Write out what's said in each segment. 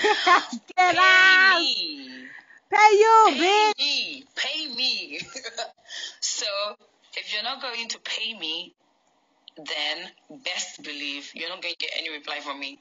Get pay out. Me. Pay you, pay bitch. Me. Pay me. so if you're not going to pay me, then best believe you're not going to get any reply from me.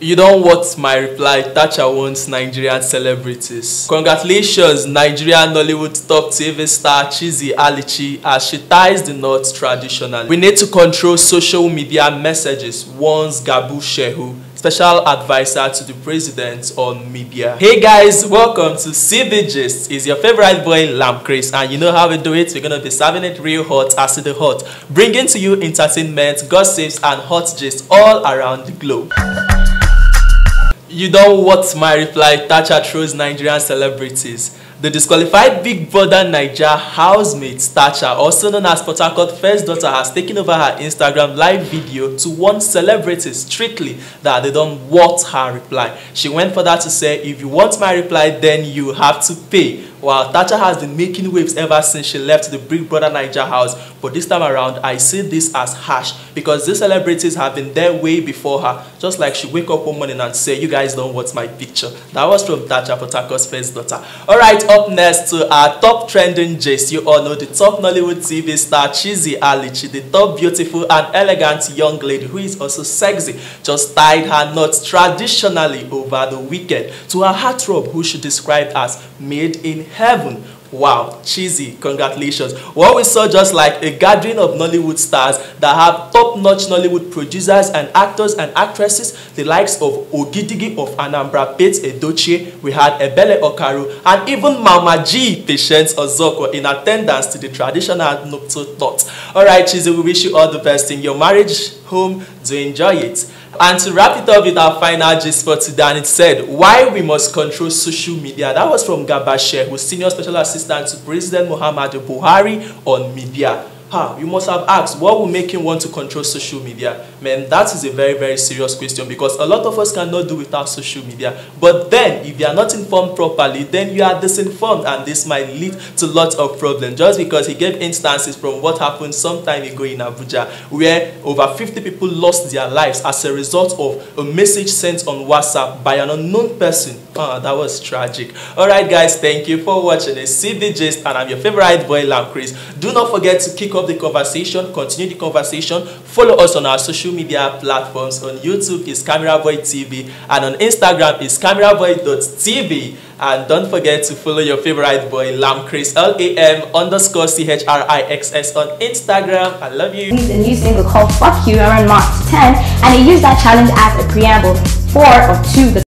You don't want my reply. Thatcher wants Nigerian celebrities. Congratulations, Nigerian Nollywood top TV star Chizi Alichi as she ties the knot traditionally. We need to control social media messages, warns Gabu Shehu, special advisor to the president on media. Hey guys, welcome to CB Gist. It's your favorite boy, Lamb Chris, and you know how we do it. We're gonna be serving it real hot, acid hot, bringing to you entertainment, gossips, and hot gist all around the globe. You don't what my reply, Thatcher throws Nigerian celebrities. The disqualified Big Brother Niger housemate Thatcher, also known as Port Harcourt first daughter, has taken over her Instagram live video to warn celebrities strictly that they don't want her reply. She went further to say, if you want my reply, then you have to pay. Well, Thatcher has been making waves ever since she left the Big Brother Niger house, but this time around, I see this as harsh because these celebrities have been there way before her, just like she wake up one morning and say, you guys don't want my picture. That was from Thatcher Potako's first daughter. All right, up next to our top trending gist, you all know the top Nollywood TV star Chizzy Alichi, the top beautiful and elegant young lady who is also sexy, just tied her knots traditionally over the weekend to her heartthrob who she described as made in heaven. Wow, cheesy, congratulations. What we saw just like a gathering of Nollywood stars that have top-notch Nollywood producers and actors and actresses, the likes of Ogidigi of Anambra, Pete Edoche, we had Ebele Okaru, and even Mama G, Patient Ozoko, in attendance to the traditional nuptial All right, cheesy, we wish you all the best in your marriage home. Do enjoy it. And to wrap it up with our final gist for today, and it said, Why We Must Control Social Media. That was from Gabashe, who's Senior Special Assistant to President Muhammadu Buhari on media. ah, you must have asked, what will make him want to control social media? Man, that is a very, very serious question because a lot of us cannot do without social media. But then, if you are not informed properly, then you are disinformed and this might lead to lots of problems. Just because he gave instances from what happened some time ago in Abuja where over 50 people lost their lives as a result of a message sent on WhatsApp by an unknown person. Ah, that was tragic. Alright guys, thank you for watching this gist, and I'm your favorite boy Lamb Chris. Do not forget to kick pick up the conversation, continue the conversation. Follow us on our social media platforms. On YouTube is Camera Boy TV, and on Instagram is cameraboy.tv. And don't forget to follow your favorite boy, Lam Chris, L A M underscore C H R I X S on Instagram. I love you. Released a new single called Fuck You around March 10, and he used that challenge as a preamble for or to the